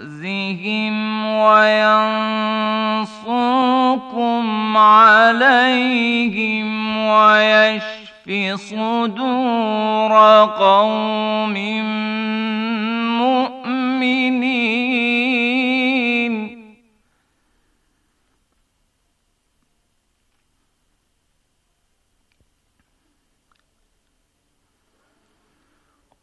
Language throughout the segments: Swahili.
بأسهم وينصركم عليهم ويشفي صدور قوم مؤمنين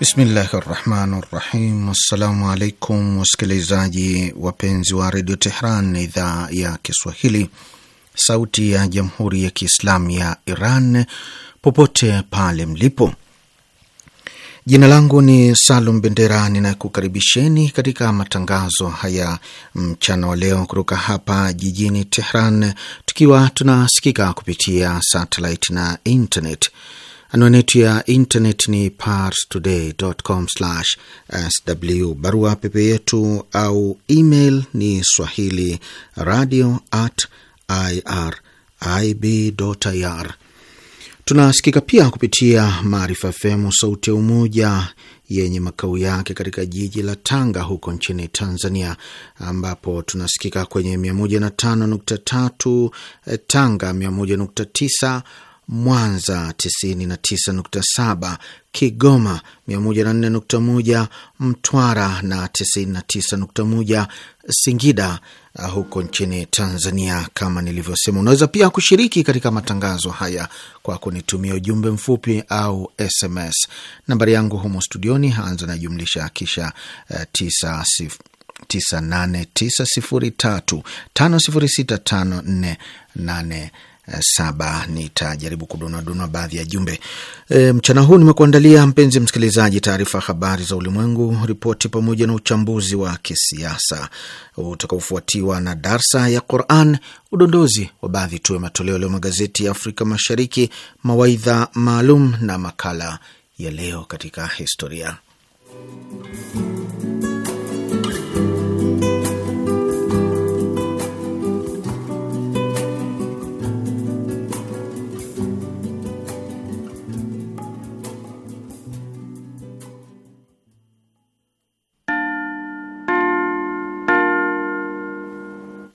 Bismillahi rahmani rahim. Assalamu alaikum wasikilizaji wapenzi wa redio Tehran, idhaa ya Kiswahili, sauti ya jamhuri ya Kiislamu ya Iran, popote pale mlipo. Jina langu ni Salum Bendera, ninakukaribisheni katika matangazo haya mchana wa leo kutoka hapa jijini Tehran, tukiwa tunasikika kupitia satelit na internet. Anwani yetu ya internet ni parstoday.com/sw. Barua pepe yetu au email ni swahili radio at irib.ir. Tunasikika pia kupitia Maarifa FM sauti ya Umoja yenye makao yake katika jiji la Tanga huko nchini Tanzania, ambapo tunasikika kwenye 105.3 eh, Tanga, 101.9 Mwanza 99.7, Kigoma 104.1, Mtwara na 99.1 Singida uh, huko nchini Tanzania. Kama nilivyosema, unaweza pia kushiriki katika matangazo haya kwa kunitumia ujumbe mfupi au SMS. Nambari yangu humo studioni, anza na jumlisha kisha uh, tisa nne nane. Eh, saba. Nitajaribu kudonoadona baadhi ya jumbe e, mchana huu nimekuandalia mpenzi msikilizaji, taarifa ya habari za ulimwengu, ripoti pamoja na uchambuzi wa kisiasa utakaofuatiwa na darsa ya Quran, udondozi wa baadhi tu ya matoleo leo magazeti ya Afrika Mashariki, mawaidha maalum na makala ya leo katika historia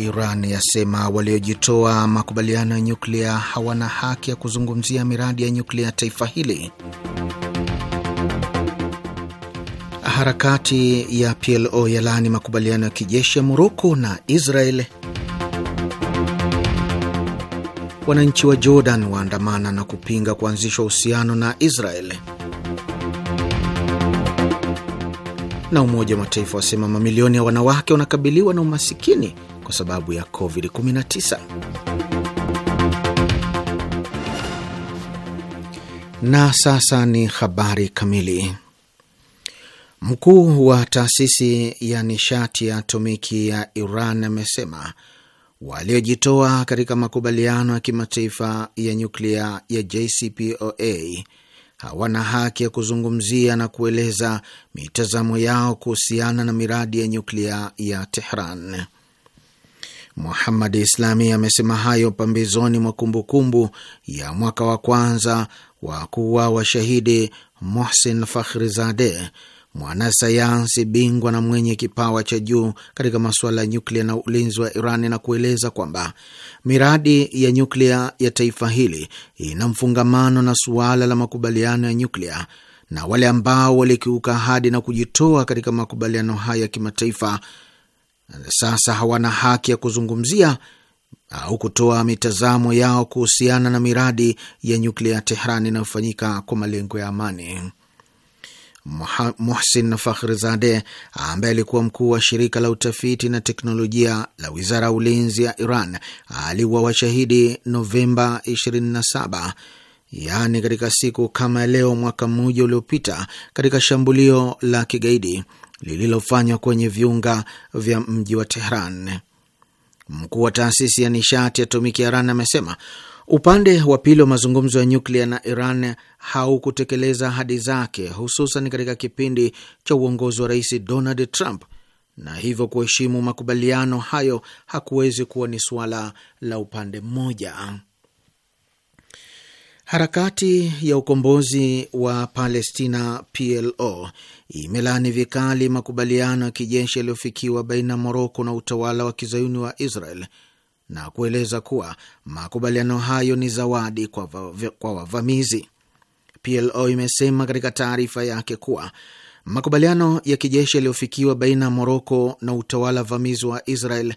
Iran yasema waliojitoa makubaliano ya nyuklia hawana haki ya kuzungumzia miradi ya nyuklia taifa hili. Harakati ya PLO yalaani makubaliano ya kijeshi ya Moroko na Israel. Wananchi wa Jordan waandamana na kupinga kuanzishwa uhusiano na Israel. Na Umoja wa Mataifa wasema mamilioni ya wanawake wanakabiliwa na umasikini kwa sababu ya COVID-19. Na sasa ni habari kamili. Mkuu wa taasisi ya nishati ya atomiki ya Iran amesema waliojitoa katika makubaliano ya kimataifa ya nyuklia ya JCPOA hawana haki ya kuzungumzia na kueleza mitazamo yao kuhusiana na miradi ya nyuklia ya Tehran. Muhammad Islami amesema hayo pambizoni mwa kumbukumbu ya mwaka wa kwanza wa kuuawa shahidi Mohsin Fakhrizade, mwanasayansi bingwa na mwenye kipawa cha juu katika masuala ya nyuklia na ulinzi wa Irani, na kueleza kwamba miradi ya nyuklia ya taifa hili ina mfungamano na suala la makubaliano ya nyuklia na wale ambao walikiuka ahadi na kujitoa katika makubaliano haya ya kimataifa sasa hawana haki ya kuzungumzia au kutoa mitazamo yao kuhusiana na miradi ya nyuklia ya Tehran inayofanyika kwa malengo ya amani. Muhsin Fakhrizade ambaye alikuwa mkuu wa shirika la utafiti na teknolojia la wizara ya ulinzi ya Iran aliwa washahidi Novemba 27, yaani katika siku kama leo, mwaka mmoja uliopita katika shambulio la kigaidi lililofanywa kwenye viunga vya mji wa Tehran. Mkuu wa taasisi ya nishati ya atomiki ya Iran amesema upande wa pili wa mazungumzo ya nyuklia na Iran haukutekeleza ahadi zake, hususan katika kipindi cha uongozi wa Rais Donald Trump, na hivyo kuheshimu makubaliano hayo hakuwezi kuwa ni suala la upande mmoja. Harakati ya ukombozi wa Palestina PLO imelaani vikali makubaliano ya kijeshi yaliyofikiwa baina ya Moroko na utawala wa kizayuni wa Israel na kueleza kuwa makubaliano hayo ni zawadi kwa, va, kwa wavamizi. PLO imesema katika taarifa yake kuwa makubaliano ya kijeshi yaliyofikiwa baina ya Moroko na utawala vamizi wa Israel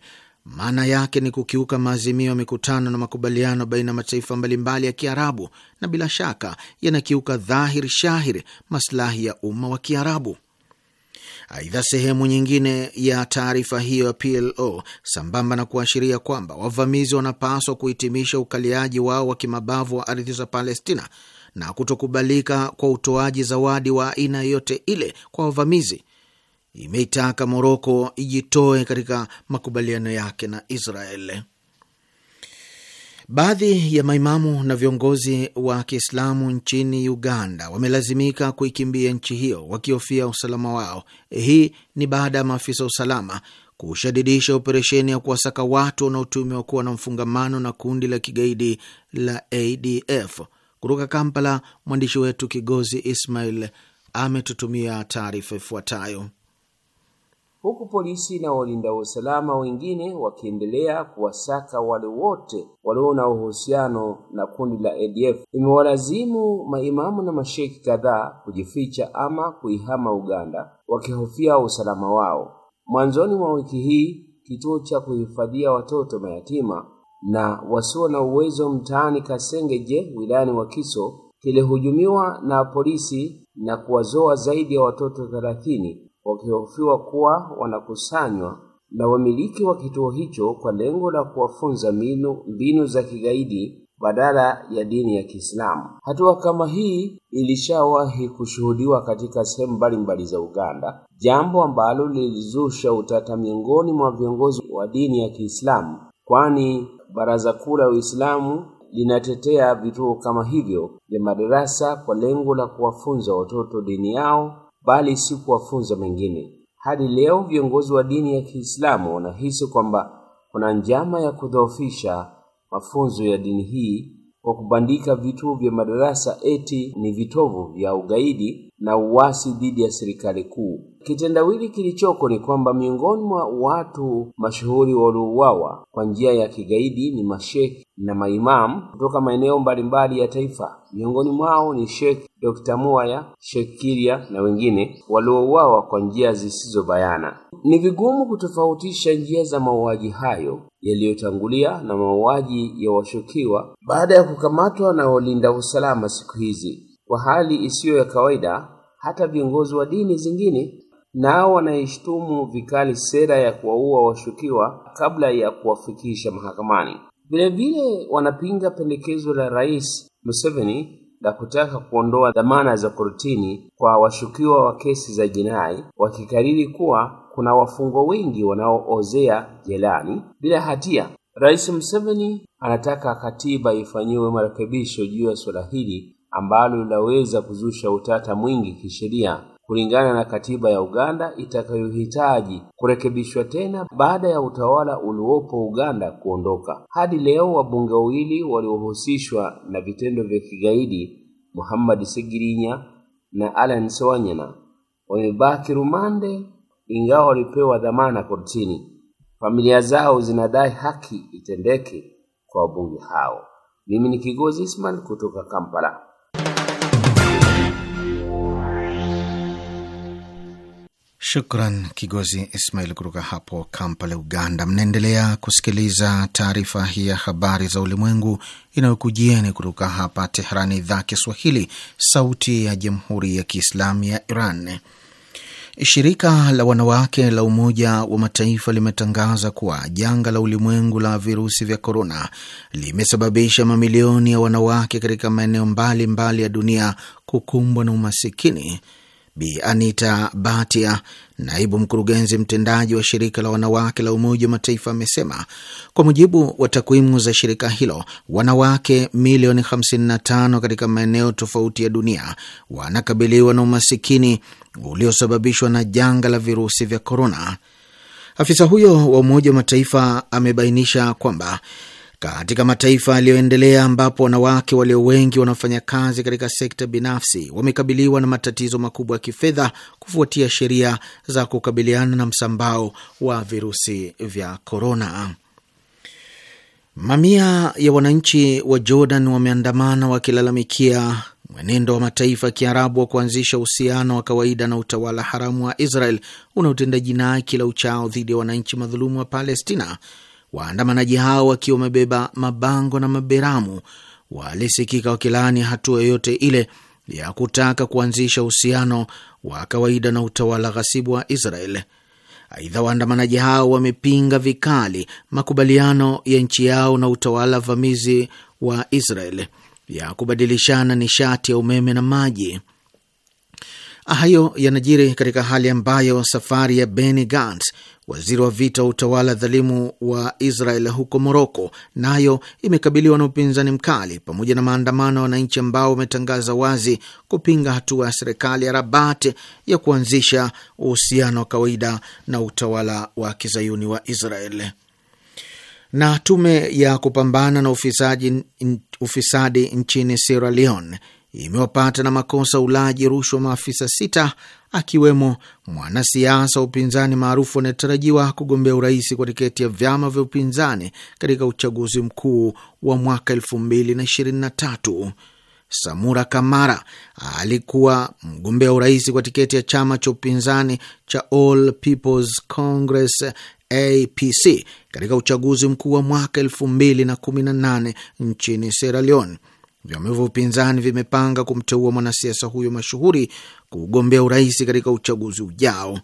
maana yake ni kukiuka maazimio ya mikutano na makubaliano baina ya mataifa mbalimbali ya Kiarabu, na bila shaka yanakiuka dhahiri shahiri maslahi ya umma wa Kiarabu. Aidha, sehemu nyingine ya taarifa hiyo ya PLO, sambamba na kuashiria kwamba wavamizi wanapaswa kuhitimisha ukaliaji wao wa kimabavu wa ardhi za Palestina na kutokubalika kwa utoaji zawadi wa aina yoyote ile kwa wavamizi imeitaka Moroko ijitoe katika makubaliano yake na Israel. Baadhi ya maimamu na viongozi wa Kiislamu nchini Uganda wamelazimika kuikimbia nchi hiyo wakihofia usalama wao. Hii ni baada ya maafisa wa usalama kushadidisha operesheni ya kuwasaka watu wanaotumiwa kuwa na mfungamano na kundi la kigaidi la ADF. Kutoka Kampala, mwandishi wetu Kigozi Ismail ametutumia taarifa ifuatayo huku polisi na walinda usalama wengine wakiendelea kuwasaka wale wote walio na uhusiano na kundi la ADF. Imewalazimu maimamu na masheki kadhaa kujificha ama kuihama Uganda wakihofia usalama wao. Mwanzoni mwa wiki hii, kituo cha kuhifadhia watoto mayatima na wasio na uwezo mtaani Kasengeje wilayani Wakiso kilihujumiwa na polisi na kuwazoa zaidi ya watoto thelathini wakihofiwa kuwa wanakusanywa na wamiliki wa kituo hicho kwa lengo la kuwafunza mbinu, mbinu za kigaidi badala ya dini ya Kiislamu. Hatua kama hii ilishawahi kushuhudiwa katika sehemu mbalimbali za Uganda, jambo ambalo lilizusha utata miongoni mwa viongozi wa dini ya Kiislamu, kwani Baraza Kuu la Uislamu linatetea vituo kama hivyo vya madarasa kwa lengo la kuwafunza watoto dini yao bali si kuwafunza mengine. Hadi leo viongozi wa dini ya Kiislamu wanahisi kwamba kuna njama ya kudhoofisha mafunzo ya dini hii kwa kubandika vituo vya madarasa eti ni vitovu vya ugaidi na uasi dhidi ya serikali kuu. Kitendawili kilichoko ni kwamba miongoni mwa watu mashuhuri waliouawa kwa njia ya kigaidi ni mashekhi na maimamu kutoka maeneo mbalimbali ya taifa. Miongoni mwao ni Sheikh Dr. Muaya, Sheikh Kiria na wengine waliouawa kwa njia zisizobayana. Ni vigumu kutofautisha njia za mauaji hayo yaliyotangulia na mauaji ya washukiwa baada ya kukamatwa na walinda usalama siku hizi. Kwa hali isiyo ya kawaida, hata viongozi wa dini zingine nao wanaishtumu vikali sera ya kuwaua washukiwa kabla ya kuwafikisha mahakamani. Vilevile wanapinga pendekezo la Rais Museveni la kutaka kuondoa dhamana za kortini kwa washukiwa wa kesi za jinai, wakikariri kuwa kuna wafungwa wengi wanaoozea jelani bila hatia. Rais Museveni anataka katiba ifanyiwe marekebisho juu ya suala hili ambalo linaweza kuzusha utata mwingi kisheria kulingana na katiba ya Uganda itakayohitaji kurekebishwa tena baada ya utawala uliopo Uganda kuondoka. Hadi leo wabunge wawili waliohusishwa na vitendo vya kigaidi, Muhammad Segirinya na Alan Sewanyana, wamebaki rumande ingawa walipewa dhamana kortini, familia zao zinadai haki itendeke kwa wabunge hao. Mimi ni Kigozi Isman kutoka Kampala. Shukran Kigozi Ismail kutoka hapo Kampala, Uganda. Mnaendelea kusikiliza taarifa hii ya habari za ulimwengu inayokujieni kutoka hapa Tehrani, idhaa Kiswahili, sauti ya jamhuri ya kiislamu ya Iran. Shirika la wanawake la Umoja wa Mataifa limetangaza kuwa janga la ulimwengu la virusi vya korona limesababisha mamilioni ya wanawake katika maeneo mbalimbali ya dunia kukumbwa na umasikini. Bi Anita Batia, naibu mkurugenzi mtendaji wa shirika la wanawake la Umoja wa Mataifa, amesema kwa mujibu wa takwimu za shirika hilo, wanawake milioni 55 katika maeneo tofauti ya dunia wanakabiliwa na umasikini uliosababishwa na janga la virusi vya korona. Afisa huyo wa Umoja wa Mataifa amebainisha kwamba katika mataifa yaliyoendelea ambapo wanawake walio wengi wanaofanya kazi katika sekta binafsi wamekabiliwa na matatizo makubwa ya kifedha kufuatia sheria za kukabiliana na msambao wa virusi vya korona. Mamia ya wananchi wa Jordan wameandamana wakilalamikia Mwenendo wa mataifa ya Kiarabu wa kuanzisha uhusiano wa kawaida na utawala haramu wa Israel unaotenda jinai kila uchao dhidi ya wananchi madhulumu wa Palestina. Waandamanaji hao wakiwa wamebeba mabango na maberamu walisikika wakilaani hatua yoyote ile ya kutaka kuanzisha uhusiano wa kawaida na utawala ghasibu wa Israel. Aidha, waandamanaji hao wamepinga vikali makubaliano ya nchi yao na utawala vamizi wa Israel ya kubadilishana nishati ya umeme na maji. Hayo yanajiri katika hali ambayo safari ya Benny Gantz, waziri wa vita wa utawala dhalimu wa Israel huko Moroko, nayo imekabiliwa na upinzani mkali pamoja na maandamano ya wananchi ambao wametangaza wazi kupinga hatua ya serikali ya Rabat ya kuanzisha uhusiano wa kawaida na utawala wa kizayuni wa Israel. Na tume ya kupambana na ufisaji, ufisadi nchini Sierra Leone imewapata na makosa ulaji rushwa maafisa sita akiwemo mwanasiasa wa upinzani maarufu anayetarajiwa kugombea urais kwa tiketi ya vyama vya upinzani katika uchaguzi mkuu wa mwaka elfu mbili na ishirini na tatu. Samura Kamara alikuwa mgombea urais kwa tiketi ya chama cha upinzani cha All People's Congress APC katika uchaguzi mkuu wa mwaka 2018 nchini Sierra Leone. Vyama hivyo upinzani vimepanga kumteua mwanasiasa huyo mashuhuri kugombea urais katika uchaguzi ujao.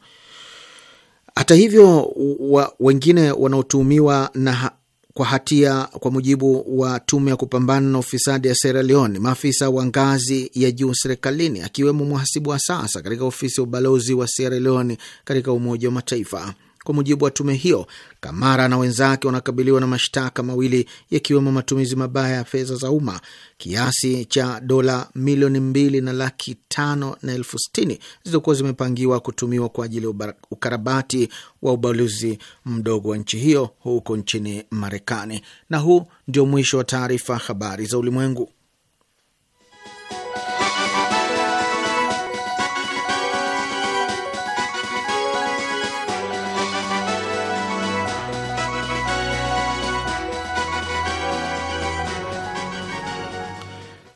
Hata hivyo, wa, wengine wanaotuhumiwa na kwa hatia kwa mujibu wa tume ya kupambana na ufisadi ya Sierra Leone, maafisa wa ngazi ya juu serikalini, akiwemo mhasibu wa sasa katika ofisi ya ubalozi wa Sierra Leone katika Umoja wa Mataifa. Kwa mujibu wa tume hiyo, Kamara na wenzake wanakabiliwa na mashtaka mawili yakiwemo matumizi mabaya ya fedha za umma kiasi cha dola milioni mbili na laki tano na elfu sitini zilizokuwa zimepangiwa kutumiwa kwa ajili ya ukarabati wa ubalozi mdogo wa nchi hiyo huko nchini Marekani. Na huu ndio mwisho wa taarifa habari za ulimwengu.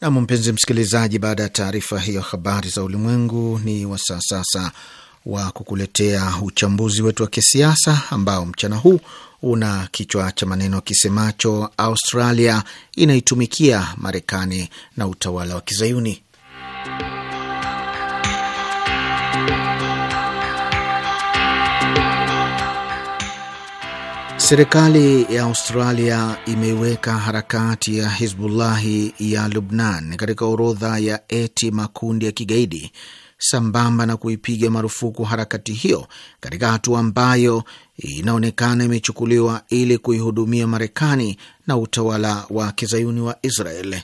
Nam, mpenzi msikilizaji, baada ya taarifa hiyo habari za ulimwengu, ni wasaa sasa wa kukuletea uchambuzi wetu wa kisiasa ambao mchana huu una kichwa cha maneno kisemacho Australia inaitumikia Marekani na utawala wa Kizayuni. Serikali ya Australia imeiweka harakati ya Hizbullahi ya Lubnan katika orodha ya eti makundi ya kigaidi sambamba na kuipiga marufuku harakati hiyo katika hatua ambayo inaonekana imechukuliwa ili kuihudumia Marekani na utawala wa kizayuni wa Israel.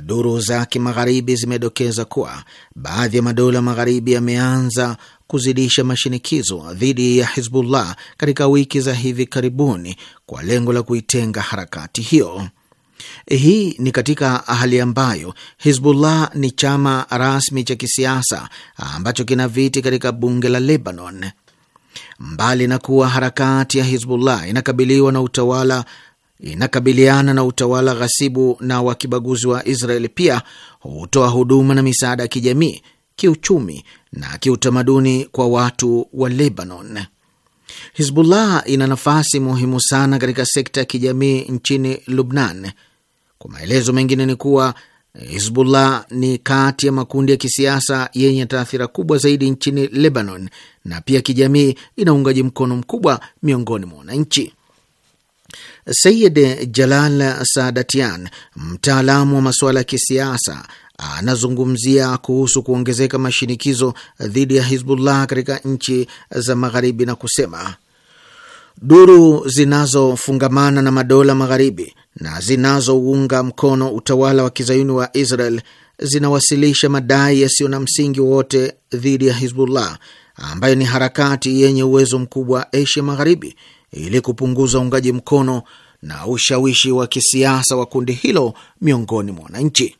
Duru za kimagharibi zimedokeza kuwa baadhi ya madola magharibi yameanza kuzidisha mashinikizo dhidi ya Hizbullah katika wiki za hivi karibuni kwa lengo la kuitenga harakati hiyo. Hii ni katika hali ambayo Hizbullah ni chama rasmi cha kisiasa ambacho kina viti katika bunge la Lebanon. Mbali na kuwa harakati ya Hizbullah inakabiliwa na utawala inakabiliana na utawala ghasibu na wakibaguzi wa israel pia hutoa huduma na misaada ya kijamii kiuchumi na kiutamaduni kwa watu wa Lebanon. Hizbullah ina nafasi muhimu sana katika sekta ya kijamii nchini Lubnan. Kwa maelezo mengine ni kuwa eh, Hizbullah ni kati ya makundi ya kisiasa yenye taathira kubwa zaidi nchini Lebanon, na pia kijamii ina uungaji mkono mkubwa miongoni mwa wananchi. Sayid Jalal Sadatian, mtaalamu wa masuala ya kisiasa, anazungumzia kuhusu kuongezeka mashinikizo dhidi ya Hizbullah katika nchi za Magharibi na kusema duru zinazofungamana na madola magharibi na zinazounga mkono utawala wa kizayuni wa Israel zinawasilisha madai yasiyo na msingi wowote dhidi ya Hizbullah ambayo ni harakati yenye uwezo mkubwa wa Asia Magharibi ili kupunguza uungaji mkono na ushawishi wa kisiasa wa kundi hilo miongoni mwa wananchi.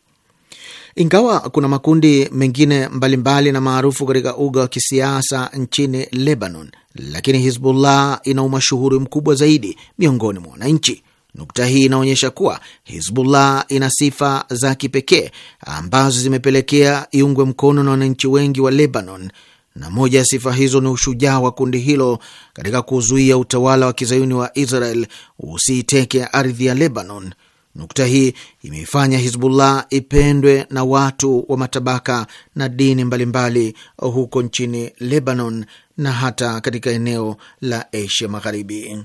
Ingawa kuna makundi mengine mbalimbali mbali na maarufu katika uga wa kisiasa nchini Lebanon, lakini Hizbullah ina umashuhuri mkubwa zaidi miongoni mwa wananchi. Nukta hii inaonyesha kuwa Hizbullah ina sifa za kipekee ambazo zimepelekea iungwe mkono na wananchi wengi wa Lebanon, na moja ya sifa hizo ni ushujaa wa kundi hilo katika kuzuia utawala wa kizayuni wa Israel usiiteke ardhi ya Lebanon. Nukta hii imeifanya Hizbullah ipendwe na watu wa matabaka na dini mbalimbali mbali huko nchini Lebanon na hata katika eneo la Asia Magharibi.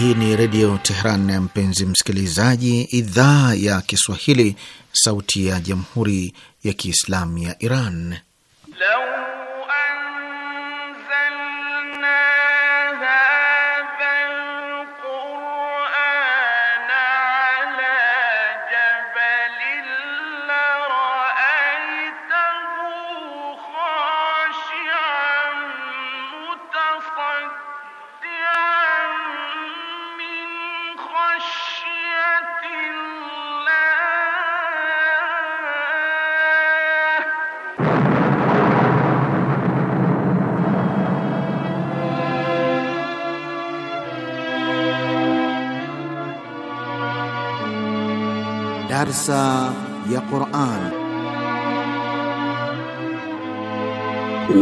Hii ni Redio Tehran, mpenzi msikilizaji, idhaa ya Kiswahili, sauti ya Jamhuri ya Kiislamu ya Iran.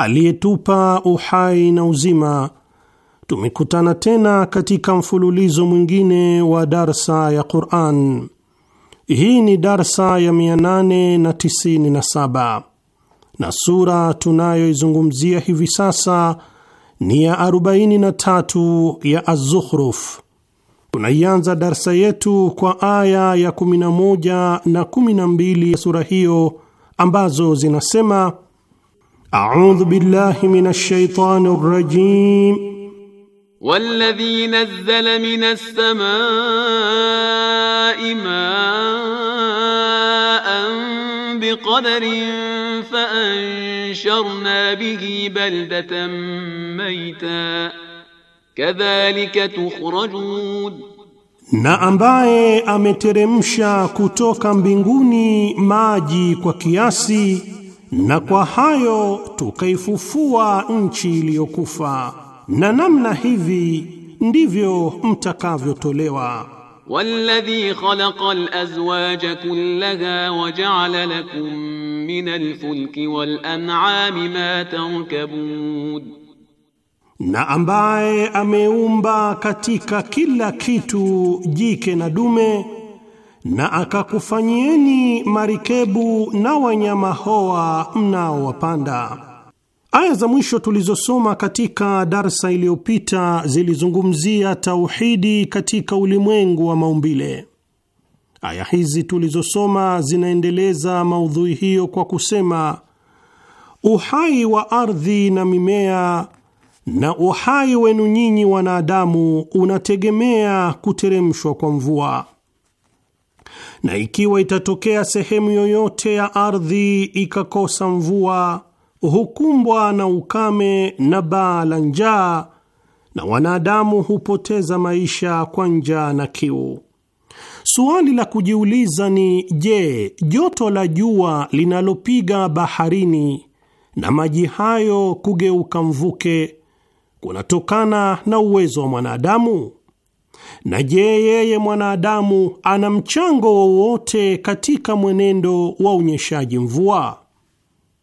aliyetupa uhai na uzima, tumekutana tena katika mfululizo mwingine wa darsa ya Qur'an. Hii ni darsa ya 897 na sura tunayoizungumzia hivi sasa ni ya 43 ya Az-Zukhruf. Tunaianza darsa yetu kwa aya ya 11 na 12 ya sura hiyo ambazo zinasema أعوذ بالله من الشيطان الرجيم والذي نزل من السماء ماء بقدر فأنشرنا به بلدة ميتا كذلك تخرجون na ambaye ameteremsha kutoka mbinguni maji kwa kiasi na kwa hayo tukaifufua nchi iliyokufa, na namna hivi ndivyo mtakavyotolewa. walladhi khalaqa alazwaja kullaha wa ja'ala lakum min alfulki wal an'ami ma tarkabun, na ambaye ameumba katika kila kitu jike na dume na akakufanyieni marikebu na wanyama hoa mnaowapanda. Aya za mwisho tulizosoma katika darsa iliyopita zilizungumzia tauhidi katika ulimwengu wa maumbile. Aya hizi tulizosoma zinaendeleza maudhui hiyo kwa kusema uhai wa ardhi na mimea na uhai wenu nyinyi wanadamu unategemea kuteremshwa kwa mvua na ikiwa itatokea sehemu yoyote ya ardhi ikakosa mvua, hukumbwa na ukame na baa la njaa, na wanadamu hupoteza maisha kwa njaa na kiu. Suali la kujiuliza ni je, joto la jua linalopiga baharini na maji hayo kugeuka mvuke kunatokana na uwezo wa mwanadamu? Na je, yeye mwanadamu ana mchango wowote katika mwenendo wa unyeshaji mvua?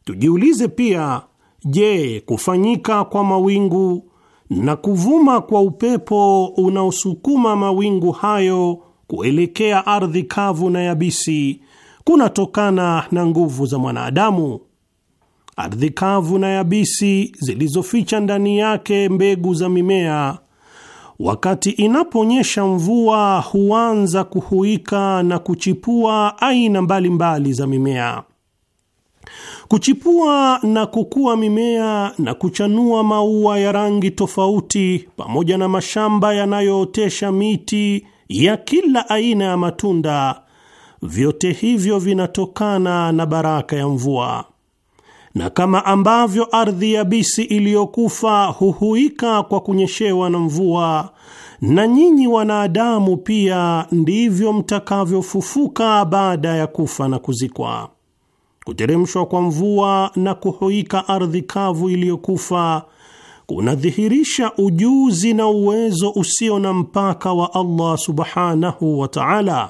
Tujiulize pia, je, kufanyika kwa mawingu na kuvuma kwa upepo unaosukuma mawingu hayo kuelekea ardhi kavu na yabisi kunatokana na nguvu za mwanadamu? Ardhi kavu na yabisi zilizoficha ndani yake mbegu za mimea Wakati inaponyesha mvua huanza kuhuika na kuchipua aina mbalimbali mbali za mimea. Kuchipua na kukua mimea na kuchanua maua ya rangi tofauti, pamoja na mashamba yanayootesha miti ya kila aina ya matunda, vyote hivyo vinatokana na baraka ya mvua na kama ambavyo ardhi yabisi iliyokufa huhuika kwa kunyeshewa na mvua, na nyinyi wanadamu pia ndivyo mtakavyofufuka baada ya kufa na kuzikwa. Kuteremshwa kwa mvua na kuhuika ardhi kavu iliyokufa kunadhihirisha ujuzi na uwezo usio na mpaka wa Allah subhanahu wa ta'ala,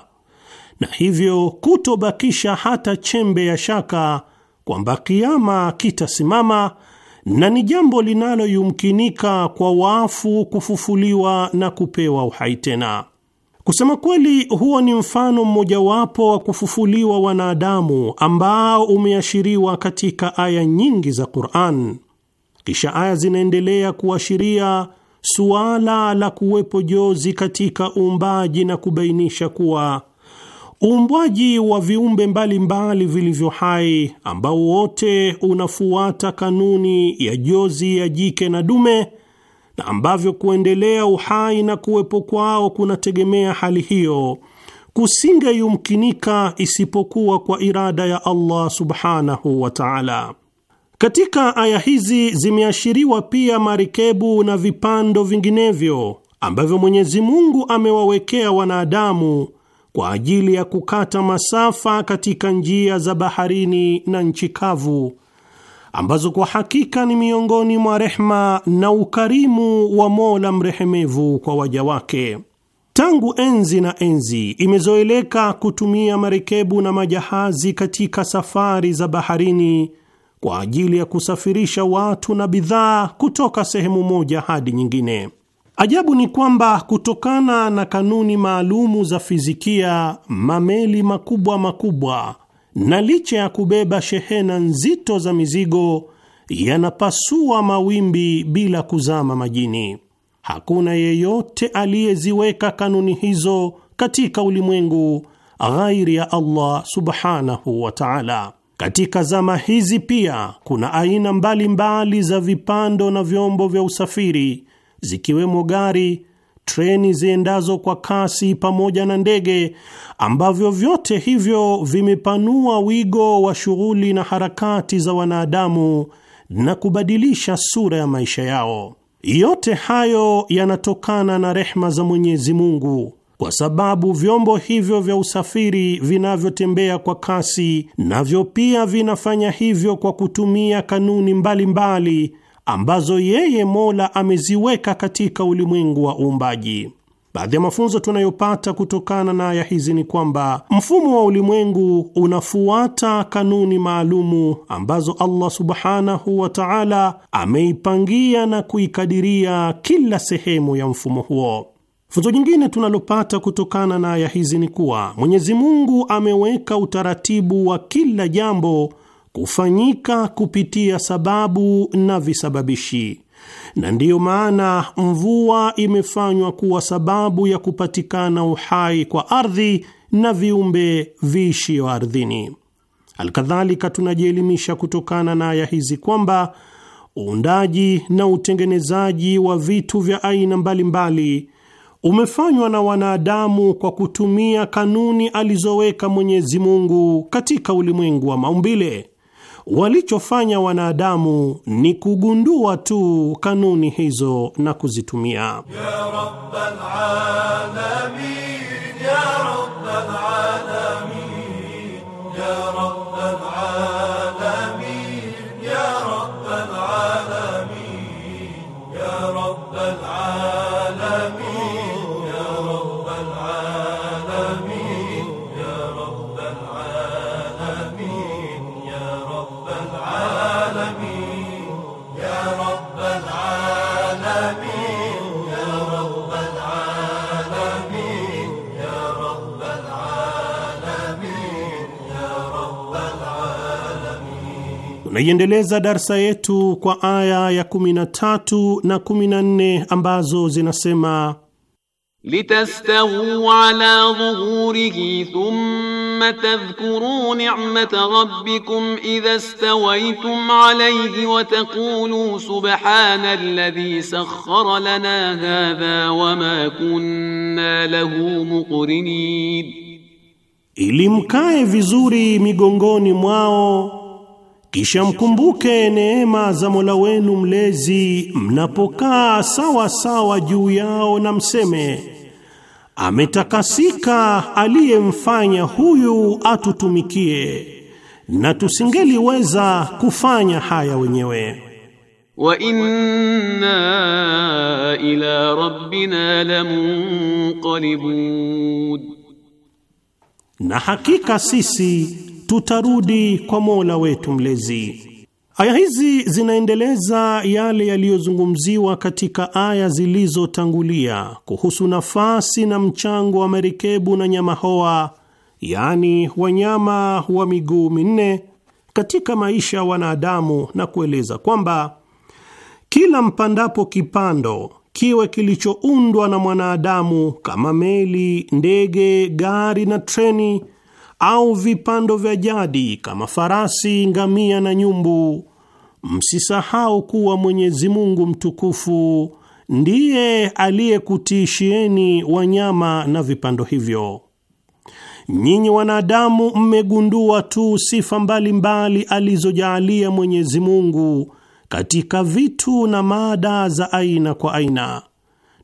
na hivyo kutobakisha hata chembe ya shaka kwamba kiama kitasimama na ni jambo linaloyumkinika kwa wafu kufufuliwa na kupewa uhai tena. Kusema kweli, huo ni mfano mmojawapo wa kufufuliwa wanadamu ambao umeashiriwa katika aya nyingi za Qur'an. Kisha aya zinaendelea kuashiria suala la kuwepo jozi katika uumbaji na kubainisha kuwa Uumbwaji wa viumbe mbalimbali vilivyo hai ambao wote unafuata kanuni ya jozi ya jike na dume na ambavyo kuendelea uhai na kuwepo kwao kunategemea hali hiyo, kusingeyumkinika isipokuwa kwa irada ya Allah subhanahu wa ta'ala. Katika aya hizi zimeashiriwa pia marekebu na vipando vinginevyo ambavyo Mwenyezi Mungu amewawekea wanadamu kwa ajili ya kukata masafa katika njia za baharini na nchi kavu ambazo kwa hakika ni miongoni mwa rehma na ukarimu wa Mola mrehemevu kwa waja wake. Tangu enzi na enzi imezoeleka kutumia marekebu na majahazi katika safari za baharini kwa ajili ya kusafirisha watu na bidhaa kutoka sehemu moja hadi nyingine. Ajabu ni kwamba kutokana na kanuni maalumu za fizikia, mameli makubwa makubwa na licha ya kubeba shehena nzito za mizigo yanapasua mawimbi bila kuzama majini. Hakuna yeyote aliyeziweka kanuni hizo katika ulimwengu ghairi ya Allah subhanahu wa ta'ala. Katika zama hizi pia kuna aina mbalimbali mbali za vipando na vyombo vya usafiri zikiwemo gari, treni ziendazo kwa kasi pamoja na ndege, ambavyo vyote hivyo vimepanua wigo wa shughuli na harakati za wanadamu na kubadilisha sura ya maisha yao. Yote hayo yanatokana na rehma za Mwenyezi Mungu, kwa sababu vyombo hivyo vya usafiri vinavyotembea kwa kasi navyo pia vinafanya hivyo kwa kutumia kanuni mbalimbali mbali ambazo yeye Mola ameziweka katika ulimwengu wa uumbaji. Baadhi ya mafunzo tunayopata kutokana na aya hizi ni kwamba mfumo wa ulimwengu unafuata kanuni maalumu ambazo Allah subhanahu wa ta'ala ameipangia na kuikadiria kila sehemu ya mfumo huo. Funzo jingine tunalopata kutokana na aya hizi ni kuwa Mwenyezi Mungu ameweka utaratibu wa kila jambo hufanyika kupitia sababu na visababishi, na ndiyo maana mvua imefanywa kuwa sababu ya kupatikana uhai kwa ardhi na viumbe viishio ardhini. Alkadhalika, tunajielimisha kutokana na aya hizi kwamba uundaji na utengenezaji wa vitu vya aina mbalimbali umefanywa na wanadamu kwa kutumia kanuni alizoweka Mwenyezi Mungu katika ulimwengu wa maumbile. Walichofanya wanadamu ni kugundua tu kanuni hizo na kuzitumia ya Tunaiendeleza darsa yetu kwa aya ya 13 na 14 ambazo zinasema litastawu ala dhuhurihi thumma tadhkuru ni'mata rabbikum idha stawaytum alayhi wa taqulu subhana alladhi sakhkhara lana hadha wa ma kunna lahu muqrinin, ili mkae vizuri migongoni mwao kisha mkumbuke neema za Mola wenu mlezi mnapokaa sawa sawa juu yao, na mseme ametakasika aliyemfanya huyu atutumikie, na tusingeliweza kufanya haya wenyewe. Wa inna ila rabbina lamunqalibun, na hakika sisi tutarudi kwa Mola wetu mlezi. Aya hizi zinaendeleza yale yaliyozungumziwa katika aya zilizotangulia kuhusu nafasi na mchango wa merikebu na nyama hoa, yaani wanyama wa miguu minne katika maisha ya wanadamu, na kueleza kwamba kila mpandapo kipando kiwe kilichoundwa na mwanadamu kama meli, ndege, gari na treni au vipando vya jadi kama farasi, ngamia na nyumbu, msisahau kuwa Mwenyezi Mungu mtukufu ndiye aliyekutiishieni wanyama na vipando hivyo. Nyinyi wanadamu mmegundua tu sifa mbalimbali alizojaalia Mwenyezi Mungu katika vitu na mada za aina kwa aina,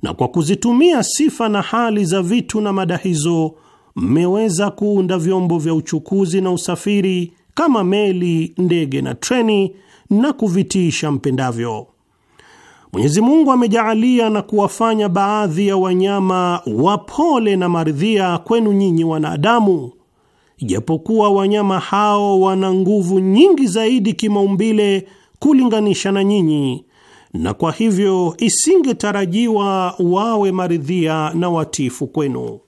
na kwa kuzitumia sifa na hali za vitu na mada hizo mmeweza kuunda vyombo vya uchukuzi na usafiri kama meli, ndege na treni na kuvitiisha mpendavyo. Mwenyezi Mungu amejaalia na kuwafanya baadhi ya wanyama wapole na maridhia kwenu nyinyi wanadamu, ijapokuwa wanyama hao wana nguvu nyingi zaidi kimaumbile kulinganisha na nyinyi, na kwa hivyo isingetarajiwa wawe maridhia na watifu kwenu.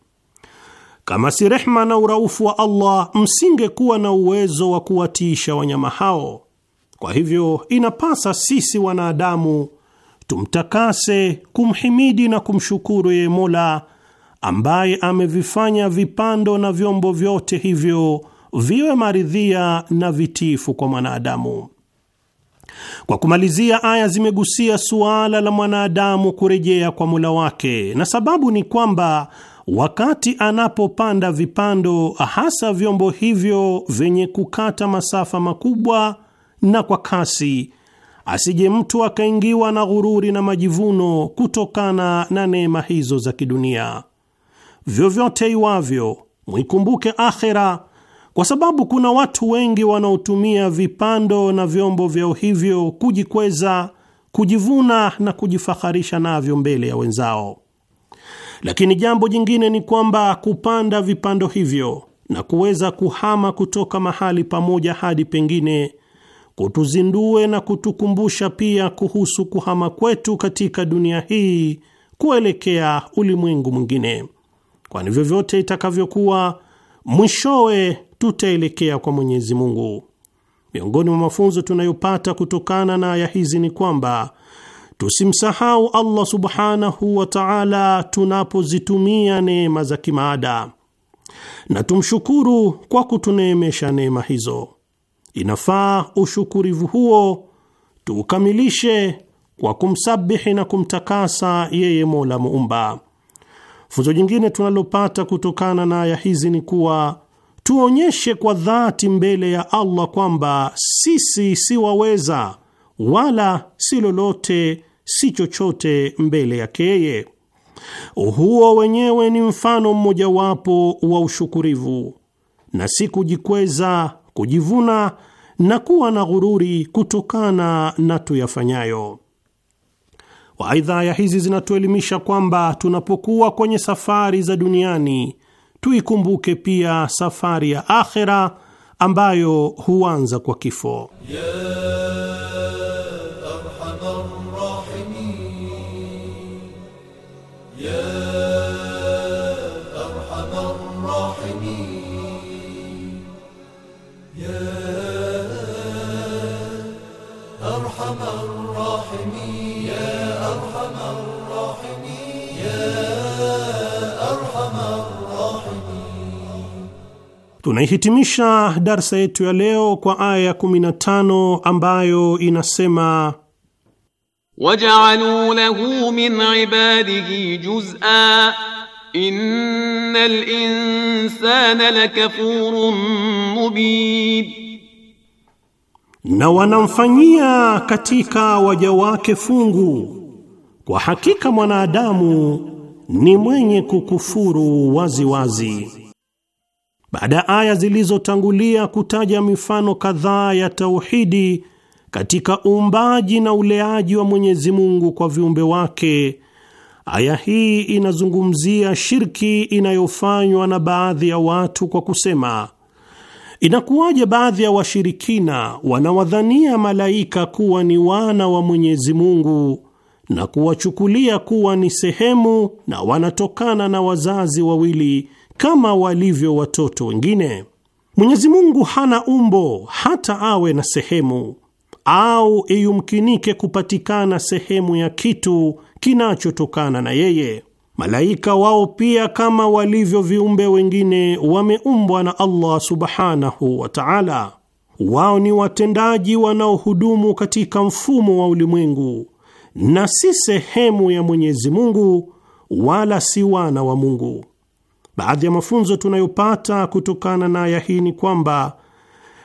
Kama si rehma na uraufu wa Allah, msingekuwa na uwezo wa kuwatiisha wanyama hao. Kwa hivyo, inapasa sisi wanadamu tumtakase, kumhimidi na kumshukuru yeye Mola ambaye amevifanya vipando na vyombo vyote hivyo viwe maridhia na vitifu kwa mwanadamu. Kwa kumalizia, aya zimegusia suala la mwanadamu kurejea kwa Mola wake, na sababu ni kwamba wakati anapopanda vipando, hasa vyombo hivyo vyenye kukata masafa makubwa na kwa kasi, asije mtu akaingiwa na ghururi na majivuno kutokana na neema hizo za kidunia. Vyovyote iwavyo, mwikumbuke akhera, kwa sababu kuna watu wengi wanaotumia vipando na vyombo vyao hivyo kujikweza, kujivuna na kujifaharisha navyo mbele ya wenzao. Lakini jambo jingine ni kwamba kupanda vipando hivyo na kuweza kuhama kutoka mahali pamoja hadi pengine kutuzindue na kutukumbusha pia kuhusu kuhama kwetu katika dunia hii kuelekea ulimwengu mwingine, kwani vyovyote itakavyokuwa, mwishowe tutaelekea kwa Mwenyezi Mungu. Miongoni mwa mafunzo tunayopata kutokana na aya hizi ni kwamba Tusimsahau Allah subhanahu wa taala tunapozitumia neema za kimaada, na tumshukuru kwa kutuneemesha neema hizo. Inafaa ushukurivu huo tuukamilishe kwa kumsabihi na kumtakasa yeye Mola Muumba. Funzo jingine tunalopata kutokana na aya hizi ni kuwa tuonyeshe kwa dhati mbele ya Allah kwamba sisi siwaweza wala si lolote si chochote mbele yake yeye. Huo wenyewe ni mfano mmojawapo wa ushukurivu na si kujikweza, kujivuna na kuwa na ghururi kutokana na tuyafanyayo. Waidha, aya hizi zinatuelimisha kwamba tunapokuwa kwenye safari za duniani tuikumbuke pia safari ya akhera ambayo huanza kwa kifo yeah. Tunaihitimisha darsa yetu ya leo kwa aya ya 15 ambayo inasema waj'aluu lahu min ibadihi juz'a innal insana lakafurun mubin, na wanamfanyia katika waja wake fungu, kwa hakika mwanadamu ni mwenye kukufuru waziwazi wazi. Baada ya aya zilizotangulia kutaja mifano kadhaa ya tauhidi katika uumbaji na uleaji wa Mwenyezi Mungu kwa viumbe wake, aya hii inazungumzia shirki inayofanywa na baadhi ya watu kwa kusema, inakuwaje baadhi ya washirikina wanawadhania malaika kuwa ni wana wa Mwenyezi Mungu na kuwachukulia kuwa ni sehemu na wanatokana na wazazi wawili kama walivyo watoto wengine. Mwenyezi Mungu hana umbo hata awe na sehemu au iyumkinike kupatikana sehemu ya kitu kinachotokana na yeye. Malaika wao pia kama walivyo viumbe wengine wameumbwa na Allah subhanahu wa ta'ala. Wao ni watendaji wanaohudumu katika mfumo wa ulimwengu na si sehemu ya Mwenyezi Mungu wala si wana wa Mungu. Baadhi ya mafunzo tunayopata kutokana na aya hii ni kwamba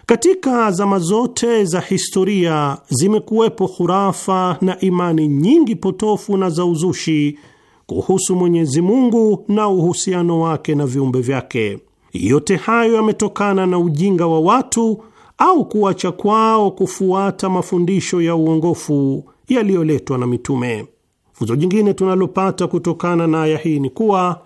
katika zama zote za historia zimekuwepo hurafa na imani nyingi potofu na za uzushi kuhusu Mwenyezi Mungu na uhusiano wake na viumbe vyake. Yote hayo yametokana na ujinga wa watu au kuacha kwao kufuata mafundisho ya uongofu yaliyoletwa na mitume. Funzo jingine tunalopata kutokana na aya hii ni kuwa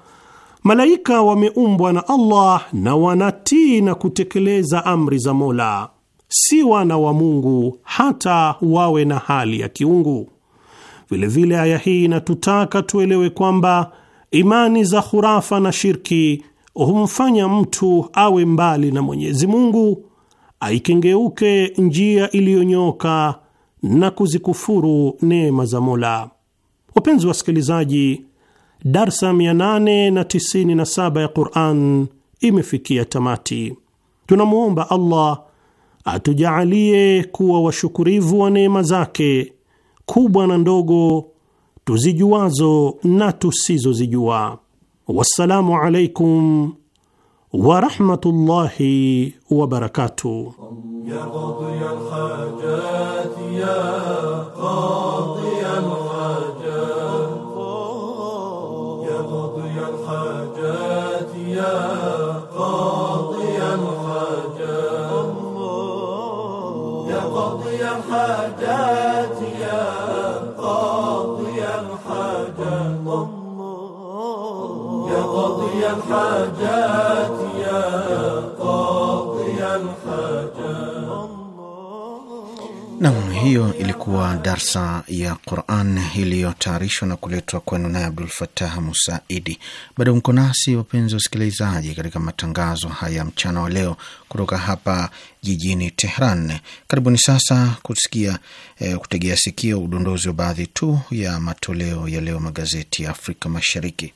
Malaika wameumbwa na Allah na wanatii na kutekeleza amri za Mola, si wana wa Mungu hata wawe na hali ya kiungu. Vilevile aya hii inatutaka tuelewe kwamba imani za khurafa na shirki humfanya mtu awe mbali na Mwenyezi Mungu, aikengeuke njia iliyonyoka na kuzikufuru neema za Mola. Wapenzi wasikilizaji, darsa 897 ya Quran imefikia tamati. Tunamwomba Allah atujaalie kuwa washukurivu wa neema zake kubwa na ndogo tuzijuazo na tusizozijua. Wassalamu alaikum wa rahmatullahi wa barakatuh. حدث يا قاضيا حدث يا قاضي الحاجات يا hiyo ilikuwa darsa ya Quran iliyotayarishwa na kuletwa kwenu naye Abdul Fatah Musaidi. Bado mko nasi wapenzi wasikilizaji, katika matangazo haya mchana wa leo kutoka hapa jijini Tehran. Karibuni sasa kusikia eh, kutegea sikio udondozi wa baadhi tu ya matoleo ya leo magazeti ya Afrika Mashariki.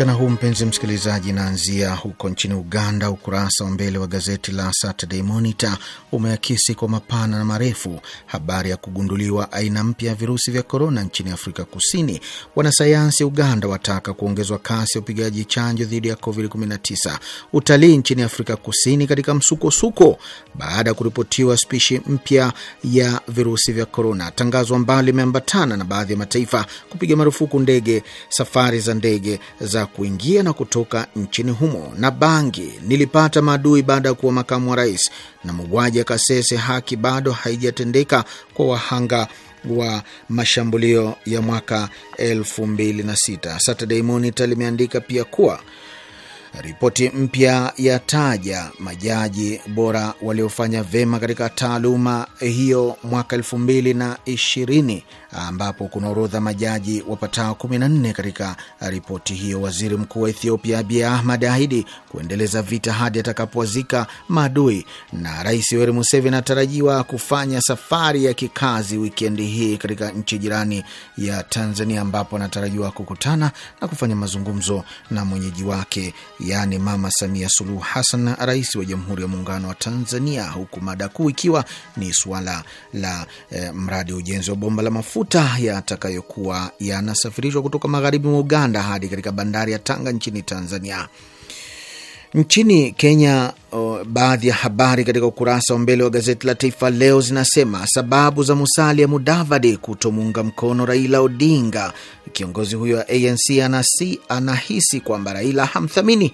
mchana huu, mpenzi msikilizaji, naanzia huko nchini Uganda. Ukurasa wa mbele wa gazeti la Saturday Monitor umeakisi kwa mapana na marefu habari ya kugunduliwa aina mpya ya virusi vya korona nchini Afrika Kusini. Wanasayansi Uganda wataka kuongezwa kasi ya upigaji chanjo dhidi ya COVID-19. Utalii nchini Afrika Kusini katika msukosuko baada ya kuripotiwa spishi mpya ya virusi vya korona. Tangazo ambalo limeambatana na baadhi ya mataifa kupiga marufuku ndege, safari za ndege za kuingia na kutoka nchini humo. Na bangi nilipata maadui baada ya kuwa makamu wa rais, na mauaji ya Kasese haki bado haijatendeka kwa wahanga wa mashambulio ya mwaka 26 Saturday Monitor limeandika pia kuwa Ripoti mpya ya taja majaji bora waliofanya vyema katika taaluma hiyo mwaka elfu mbili na ishirini ambapo kuna orodha majaji wapatao 14 katika ripoti hiyo. Waziri Mkuu wa Ethiopia Abiy Ahmed ahidi kuendeleza vita hadi atakapowazika maadui, na Rais Yoweri Museveni anatarajiwa kufanya safari ya kikazi wikendi hii katika nchi jirani ya Tanzania, ambapo anatarajiwa kukutana na kufanya mazungumzo na mwenyeji wake yaani Mama Samia Suluhu Hassan, rais wa Jamhuri ya Muungano wa Tanzania, huku mada kuu ikiwa ni suala la e, mradi wa ujenzi wa bomba la mafuta yatakayokuwa yanasafirishwa kutoka magharibi mwa Uganda hadi katika bandari ya Tanga nchini Tanzania. Nchini Kenya, baadhi ya habari katika ukurasa wa mbele wa gazeti la Taifa Leo zinasema sababu za Musalia Mudavadi kutomuunga mkono Raila Odinga. Kiongozi huyo wa ANC anasi, anahisi kwamba Raila hamthamini,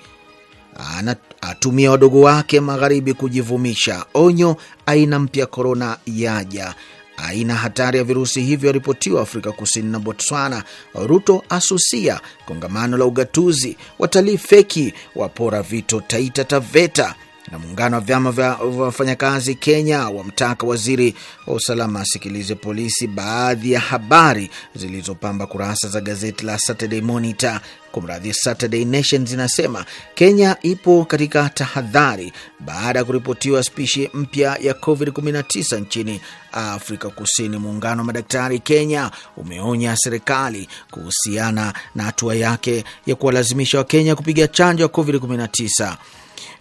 anatumia wadogo wake magharibi kujivumisha. Onyo, aina mpya korona yaja. Aina hatari ya virusi hivyo yaripotiwa Afrika Kusini na Botswana. Ruto asusia kongamano la ugatuzi. Watalii feki wapora vito Taita Taveta. Na muungano wa vyama vya wafanyakazi Kenya wamtaka waziri wa usalama asikilize polisi baadhi ya habari zilizopamba kurasa za gazeti la Saturday Monitor. Kumradhi, Saturday Nation zinasema Kenya ipo katika tahadhari baada ya kuripotiwa spishi mpya ya COVID-19 nchini Afrika Kusini. Muungano wa madaktari Kenya umeonya serikali kuhusiana na hatua yake ya kuwalazimisha Wakenya kupiga chanjo ya COVID-19.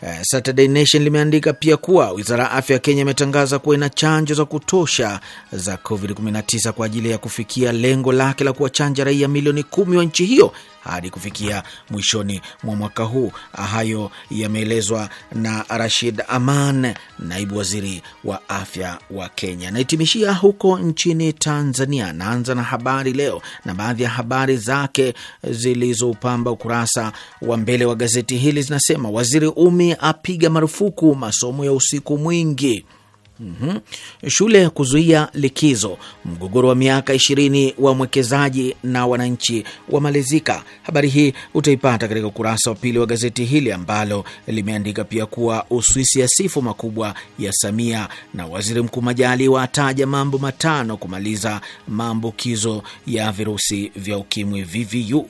Eh, Saturday Nation limeandika pia kuwa wizara ya afya ya Kenya imetangaza kuwa ina chanjo za kutosha za COVID-19 kwa ajili ya kufikia lengo lake la kuwachanja raia milioni kumi wa nchi hiyo hadi kufikia mwishoni mwa mwaka huu. Hayo yameelezwa na Rashid Aman, naibu waziri wa afya wa Kenya. Nahitimishia huko nchini Tanzania. Naanza na habari leo na baadhi ya habari zake zilizopamba ukurasa wa mbele wa gazeti hili zinasema: Waziri Umi apiga marufuku masomo ya usiku mwingi. Mm -hmm. Shule kuzuia likizo, mgogoro wa miaka ishirini wa mwekezaji na wananchi wamalizika. Habari hii utaipata katika ukurasa wa pili wa gazeti hili ambalo limeandika pia kuwa Uswisi ya sifu makubwa ya Samia na Waziri Mkuu Majaliwa ataja mambo matano kumaliza maambukizo ya virusi vya ukimwi VVU.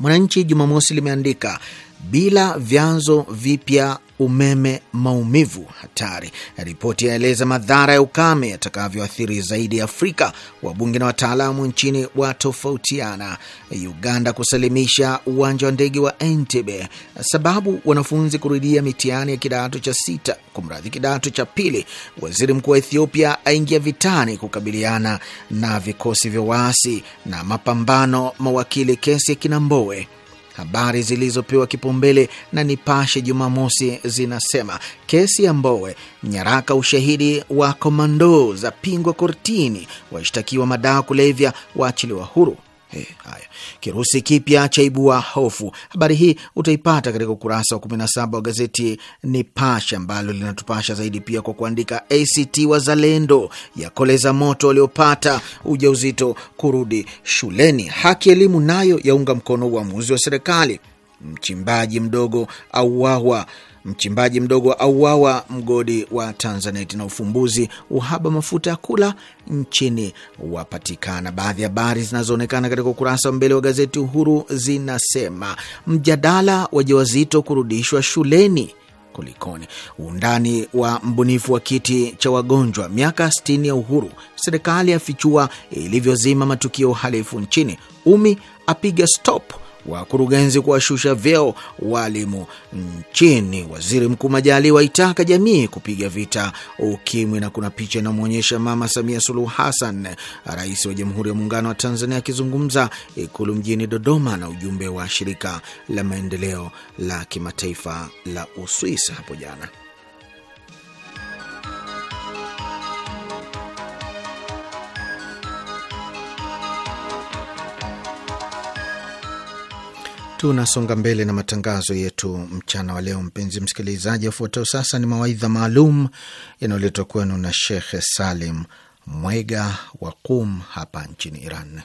Mwananchi Jumamosi limeandika bila vyanzo vipya umeme maumivu hatari. Ripoti yaeleza madhara ya ukame yatakavyoathiri zaidi Afrika. Wabunge na wataalamu nchini watofautiana. Uganda kusalimisha uwanja wa ndege wa Entebbe. Sababu wanafunzi kurudia mitihani ya kidato cha sita, kumradhi, kidato cha pili. Waziri mkuu wa Ethiopia aingia vitani kukabiliana na vikosi vya waasi. Na mapambano mawakili kesi ya Kinambowe Habari zilizopewa kipaumbele na Nipashe Jumamosi zinasema kesi ya Mbowe, nyaraka ushahidi wa komando za pingwa kortini, washtakiwa madawa kulevya waachiliwa huru. Hey, eh, haya, kirusi kipya chaibua hofu. Habari hii utaipata katika ukurasa wa 17 wa gazeti Nipashe ambalo linatupasha zaidi pia kwa kuandika ACT Wazalendo yakoleza moto waliopata ujauzito kurudi shuleni. Haki elimu nayo yaunga mkono uamuzi wa serikali. Mchimbaji mdogo auawa Mchimbaji mdogo auawa mgodi wa Tanzanite, na ufumbuzi uhaba mafuta ya kula nchini wapatikana. Baadhi ya habari zinazoonekana katika ukurasa wa mbele wa gazeti Uhuru zinasema mjadala wajawazito kurudishwa shuleni kulikoni, undani wa mbunifu wa kiti cha wagonjwa, miaka 60 ya uhuru, serikali afichua ilivyozima matukio uhalifu nchini, umi apiga stop wakurugenzi kuwashusha vyeo walimu nchini. Waziri Mkuu majali waitaka jamii kupiga vita ukimwi, na kuna picha inamwonyesha Mama Samia Suluhu Hassan, rais wa Jamhuri ya Muungano wa Tanzania, akizungumza Ikulu mjini Dodoma na ujumbe wa shirika la maendeleo la kimataifa la Uswisi hapo jana. Tunasonga mbele na matangazo yetu mchana wa leo, mpenzi msikilizaji. afuatao sasa ni mawaidha maalum yanayoletwa kwenu na shekhe Salim Mwega wa Qum hapa nchini Iran.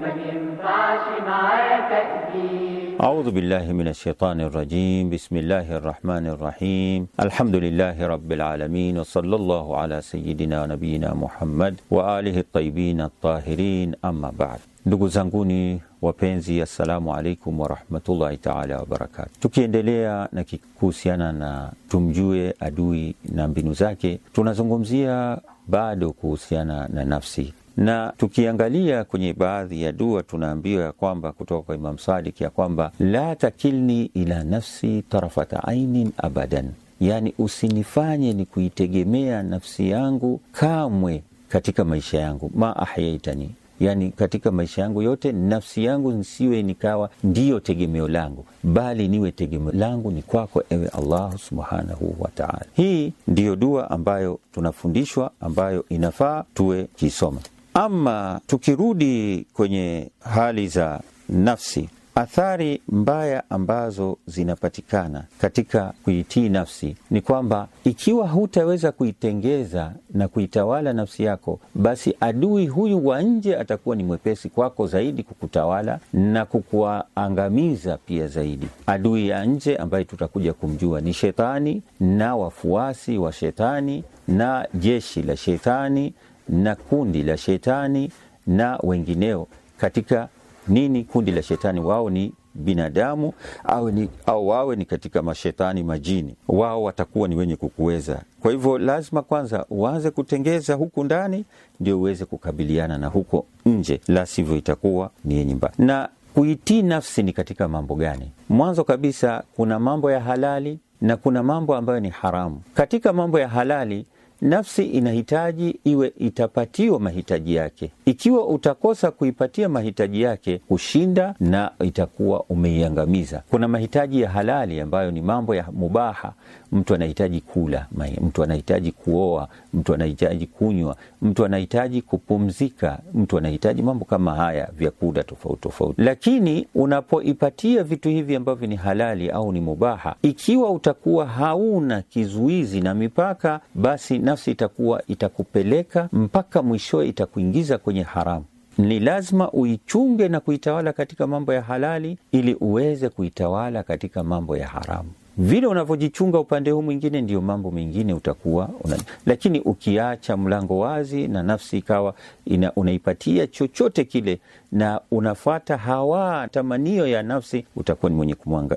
ما ينفعش معاه تأديب أعوذ بالله من الشيطان الرجيم بسم الله الرحمن الرحيم الحمد لله رب العالمين وصلى الله على سيدنا نبينا محمد وآله الطيبين الطاهرين أما بعد Ndugu zanguni wapenzi, assalamu alaikum warahmatullahi taala wabarakatu. Tukiendelea na kuhusiana na tumjue adui na mbinu zake, tunazungumzia bado kuhusiana na nafsi na tukiangalia kwenye baadhi ya dua tunaambiwa ya kwamba kutoka kwa Imam Sadik ya kwamba la takilni ila nafsi tarafata ainin abadan, yani usinifanye ni kuitegemea nafsi yangu kamwe katika maisha yangu, ma ahyaitani Yani, katika maisha yangu yote nafsi yangu nisiwe nikawa ndiyo tegemeo langu, bali niwe tegemeo langu ni kwako, ewe Allah subhanahu wataala Hii ndiyo dua ambayo tunafundishwa, ambayo inafaa tuwe kiisoma ama tukirudi kwenye hali za nafsi, athari mbaya ambazo zinapatikana katika kuitii nafsi ni kwamba ikiwa hutaweza kuitengeza na kuitawala nafsi yako, basi adui huyu wa nje atakuwa ni mwepesi kwako zaidi kukutawala na kukuangamiza pia zaidi. Adui ya nje ambaye tutakuja kumjua ni Shetani na wafuasi wa Shetani na jeshi la Shetani na kundi la shetani na wengineo katika nini? Kundi la shetani wao ni binadamu au, ni, au wawe ni katika mashetani majini, wao watakuwa ni wenye kukuweza. Kwa hivyo lazima kwanza uanze kutengeza huku ndani, ndio uweze kukabiliana na huko nje, la sivyo itakuwa ni yenye mbaya. Na kuitii nafsi ni katika mambo gani? Mwanzo kabisa kuna mambo ya halali na kuna mambo ambayo ni haramu. Katika mambo ya halali Nafsi inahitaji iwe itapatiwa mahitaji yake. Ikiwa utakosa kuipatia mahitaji yake, hushinda na itakuwa umeiangamiza. Kuna mahitaji ya halali ambayo ni mambo ya mubaha mtu anahitaji kula, mtu anahitaji kuoa, mtu anahitaji kunywa, mtu anahitaji kupumzika, mtu anahitaji mambo kama haya, vyakula tofauti tofauti. Lakini unapoipatia vitu hivi ambavyo ni halali au ni mubaha, ikiwa utakuwa hauna kizuizi na mipaka, basi nafsi itakuwa itakupeleka mpaka mwishowe itakuingiza kwenye haramu. Ni lazima uichunge na kuitawala katika mambo ya halali ili uweze kuitawala katika mambo ya haramu vile unavyojichunga upande huu mwingine, ndio mambo mengine utakuwa una, lakini ukiacha mlango wazi na nafsi ikawa ina, unaipatia chochote kile na unafuata hawa tamanio ya nafsi, utakuwa ni mwenye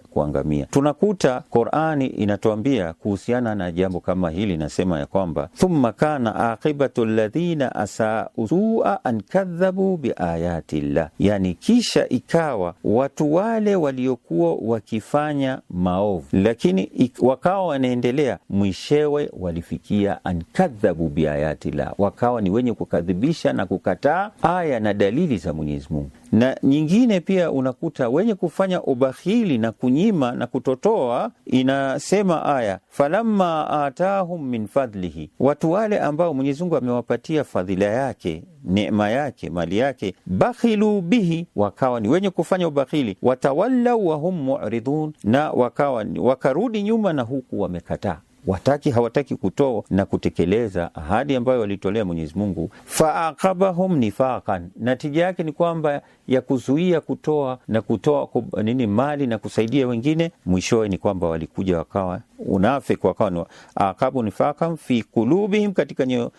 kuangamia. Tunakuta Qurani inatuambia kuhusiana na jambo kama hili, inasema ya kwamba thumma kana aqibatu ladhina asau sua an kadhabu biayati llah, yani kisha ikawa watu wale waliokuwa wakifanya maovu, lakini wakawa wanaendelea, mwishewe walifikia an kadhabu biayati llah, wakawa ni wenye kukadhibisha na kukataa aya na dalili za Mwenyezi Mwenyezi Mungu. Na nyingine pia unakuta wenye kufanya ubakhili na kunyima na kutotoa, inasema aya falamma atahum min fadlihi, watu wale ambao Mwenyezi Mungu amewapatia fadhila yake, neema yake, mali yake, bakhilu bihi, wakawa ni wenye kufanya ubakhili, watawallau wahum muridhun, na wakawa wakarudi nyuma na huku wamekataa wataki hawataki kutoa na kutekeleza ahadi ambayo walitolea Mwenyezi Mungu. Faaqabahum nifaqan, natija yake ni kwamba ya kuzuia kutoa na kutoa kub, nini mali na kusaidia wengine, mwishowe ni kwamba walikuja wakawa unafiki, wakawa ni aqabu nifaqan fi kulubihim, katika nyoyo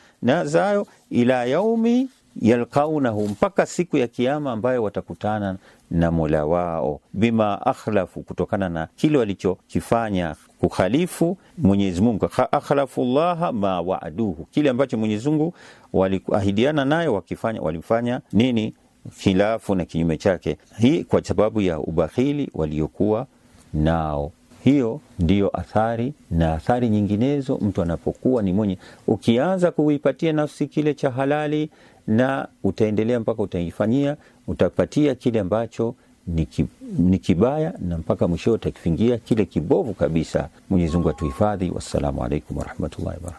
zao, ila yaumi yalqaunahu, mpaka siku ya Kiama ambayo watakutana na Mola wao bima akhlafu, kutokana na kile walichokifanya kukhalifu Mwenyezi Mungu. Akhlafu llaha ma waaduhu, kile ambacho Mwenyezi Mungu waliahidiana naye wakifanya, walifanya nini? Khilafu na kinyume chake. Hii kwa sababu ya ubakhili waliokuwa nao. Hiyo ndiyo athari na athari nyinginezo. Mtu anapokuwa ni mwenye, ukianza kuipatia nafsi kile cha halali, na utaendelea mpaka utaifanyia utapatia kile ambacho ni kibaya na mpaka mwishoo utakifingia kile kibovu kabisa. Mwenyezi Mungu atuhifadhi. Wassalamu alaikum warahmatullahi wabarakatuh.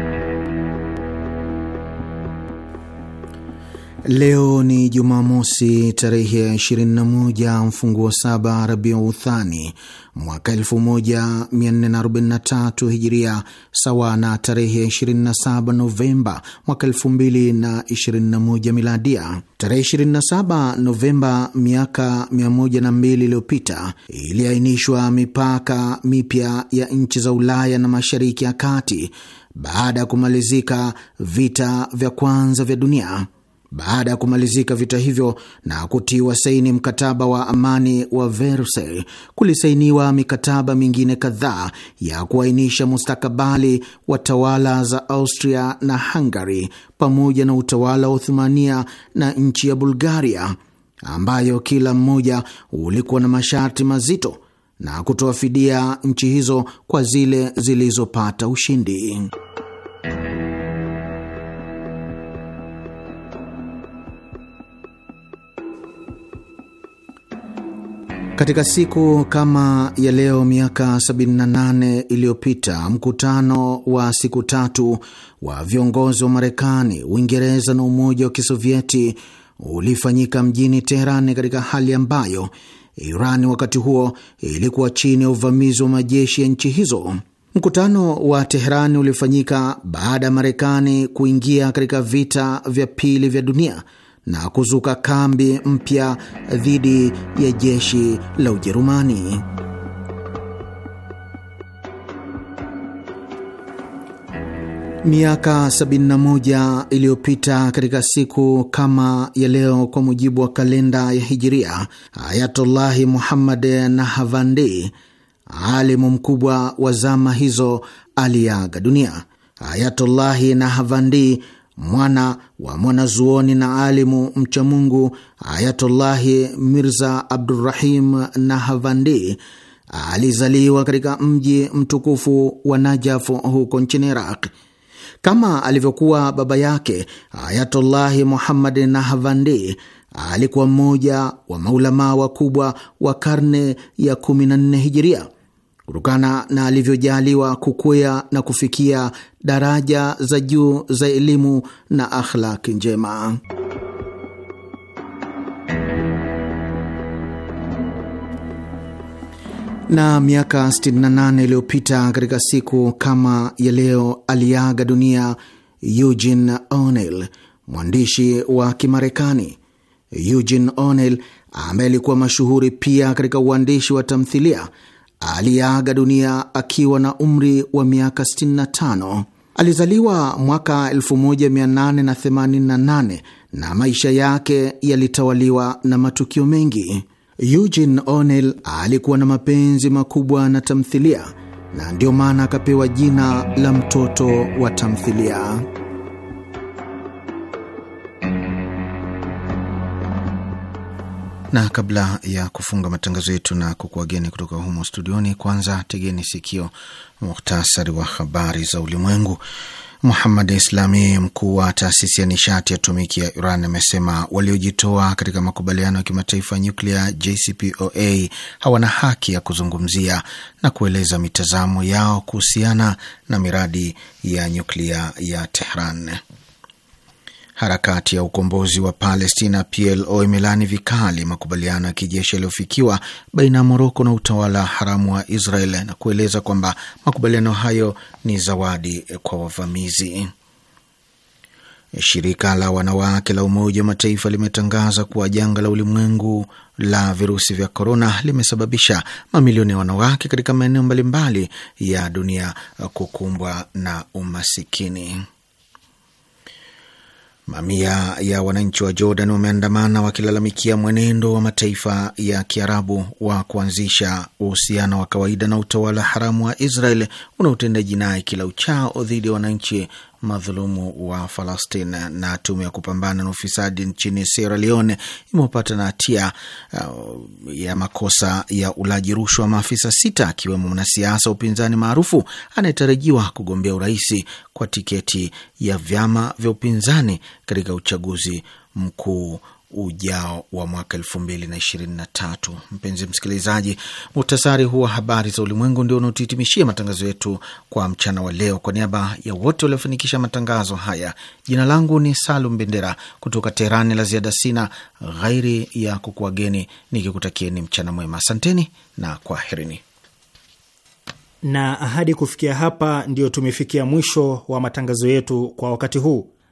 Leo ni Jumamosi tarehe ya 21 mfunguo saba Rabiuthani mwaka 1443 Hijiria, sawa na tarehe 27 Novemba mwaka 2021 Miladia. Tarehe 27 Novemba miaka 102 iliyopita iliainishwa mipaka mipya ya nchi za Ulaya na Mashariki ya Kati baada ya kumalizika vita vya kwanza vya dunia. Baada ya kumalizika vita hivyo na kutiwa saini mkataba wa amani wa Versailles, kulisainiwa mikataba mingine kadhaa ya kuainisha mustakabali wa tawala za Austria na Hungary pamoja na utawala wa Uthumania na nchi ya Bulgaria, ambayo kila mmoja ulikuwa na masharti mazito na kutoa fidia nchi hizo kwa zile zilizopata ushindi. Katika siku kama ya leo miaka 78 iliyopita mkutano wa siku tatu wa viongozi wa Marekani, Uingereza na Umoja wa Kisovieti ulifanyika mjini Teherani katika hali ambayo Iran wakati huo ilikuwa chini ya uvamizi wa majeshi ya nchi hizo. Mkutano wa Teherani ulifanyika baada ya Marekani kuingia katika vita vya pili vya dunia na kuzuka kambi mpya dhidi ya jeshi la Ujerumani. Miaka 71 iliyopita katika siku kama ya leo, kwa mujibu wa kalenda ya Hijiria, Ayatullahi Muhammad Nahavandi, alimu mkubwa wa zama hizo, aliaga dunia. Ayatullahi Nahavandi mwana wa mwanazuoni na alimu mchamungu Ayatullahi Mirza Abdurrahim Nahavandi alizaliwa katika mji mtukufu wa Najaf huko nchini Iraq. Kama alivyokuwa baba yake, Ayatullahi Muhammad Nahavandi alikuwa mmoja wa maulamaa wakubwa wa karne ya 14 Hijiria. Kutokana na alivyojaliwa kukwea na kufikia daraja za juu za elimu na akhlaki njema. na miaka 68 iliyopita katika siku kama ya leo aliaga dunia Eugene O'Neill, mwandishi wa Kimarekani. Eugene O'Neill ambaye alikuwa mashuhuri pia katika uandishi wa tamthilia aliyeaga dunia akiwa na umri wa miaka 65. Alizaliwa mwaka 1888 na maisha yake yalitawaliwa na matukio mengi. Eugene O'Neill alikuwa na mapenzi makubwa na tamthilia na ndio maana akapewa jina la mtoto wa tamthilia. na kabla ya kufunga matangazo yetu na kukuageni kutoka humo studioni, kwanza tegeni sikio muhtasari wa habari za ulimwengu. Muhammad Islami, mkuu wa taasisi ya nishati ya atomiki ya Iran, amesema waliojitoa katika makubaliano ya kimataifa ya nyuklia JCPOA hawana haki ya kuzungumzia na kueleza mitazamo yao kuhusiana na miradi ya nyuklia ya Tehran. Harakati ya ukombozi wa Palestina PLO imelani vikali makubaliano ya kijeshi yaliyofikiwa baina ya Moroko na utawala haramu wa Israel na kueleza kwamba makubaliano hayo ni zawadi kwa wavamizi. Shirika la wanawake la Umoja wa Mataifa limetangaza kuwa janga la ulimwengu la virusi vya korona limesababisha mamilioni ya wanawake katika maeneo mbalimbali ya dunia kukumbwa na umasikini. Mamia ya wananchi wa Jordan wameandamana wakilalamikia mwenendo wa mataifa ya Kiarabu wa kuanzisha uhusiano wa kawaida na utawala haramu wa Israel unaotenda jinai kila uchao dhidi ya wananchi madhulumu wa Falastin. Na tume ya kupambana na ufisadi nchini Sierra Leone imepata na hatia uh, ya makosa ya ulaji rushwa maafisa sita, akiwemo mwanasiasa wa upinzani maarufu anayetarajiwa kugombea urais kwa tiketi ya vyama vya upinzani katika uchaguzi mkuu ujao wa mwaka elfu mbili na ishirini na tatu. Mpenzi msikilizaji, muhtasari huwa habari za ulimwengu ndio unaotuhitimishia matangazo yetu kwa mchana wa leo. Kwa niaba ya wote waliofanikisha matangazo haya, jina langu ni Salum Bendera kutoka Teherani. La ziada sina ghairi ya kukuwageni nikikutakieni mchana mwema. Asanteni na kwaherini na ahadi. Kufikia hapa, ndio tumefikia mwisho wa matangazo yetu kwa wakati huu.